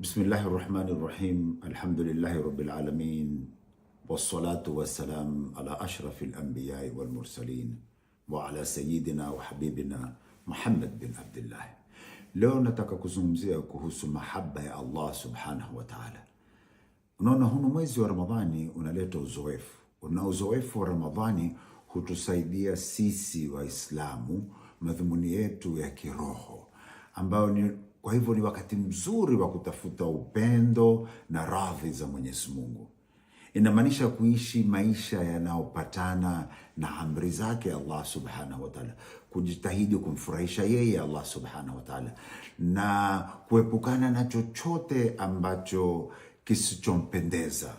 بسم الله الرحمن الرحيم الحمد لله رب العالمين والصلاة والسلام على أشرف الأنبياء والمرسلين وعلى سيدنا وحبيبنا Muhammad bin Abdullah. Leo nataka kuzungumzia kuhusu mahaba ya Allah subhanahu wa taala. Unaona, hunu mwezi wa Ramadhani unaleta uzoefu, na uzoefu wa Ramadhani hutusaidia sisi Waislamu, madhumuni yetu ya kiroho ambayo ni Kwa hivyo ni wakati mzuri wa kutafuta upendo na radhi za Mwenyezi Mungu. Inamaanisha kuishi maisha yanayopatana na amri zake Allah subhanahu wa taala, kujitahidi kumfurahisha yeye Allah subhanahu wa taala, na kuepukana na chochote ambacho kisichompendeza.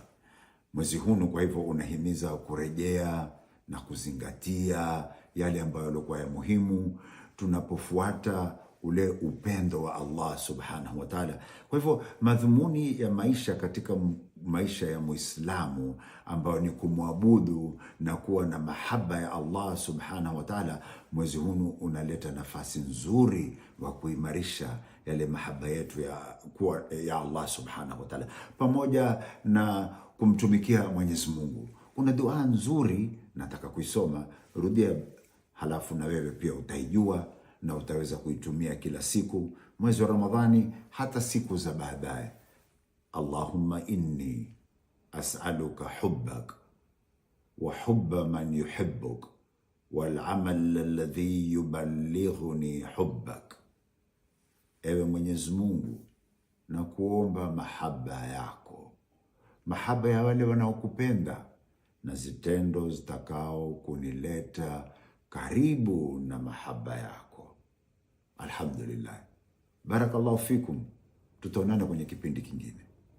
Mwezi huu kwa hivyo unahimiza kurejea na kuzingatia yale ambayo yalikuwa ya muhimu tunapofuata ule upendo wa Allah subhanahu wa ta'ala. Kwa hivyo madhumuni ya maisha katika maisha ya Muislamu ambayo ni kumwabudu na kuwa na mahaba ya Allah subhanahu wa ta'ala, mwezi huu unaleta nafasi nzuri wa kuimarisha yale mahaba yetu ya, kuwa, ya Allah subhanahu wa ta'ala, pamoja na kumtumikia Mwenyezi Mungu. Kuna dua nzuri nataka kuisoma, rudia, halafu na wewe pia utaijua na utaweza kuitumia kila siku mwezi wa Ramadhani, hata siku za baadaye. Allahumma inni as'aluka hubbak wa hubba man yuhibbuk wal amal alladhi yuballighuni hubbak, ewe Mwenyezi Mungu, na kuomba mahaba yako, mahaba ya wale wanaokupenda na zitendo zitakao kunileta karibu na mahaba yako. Alhamdulillah, barakallahu fikum, tutaonana kwenye kipindi kingine.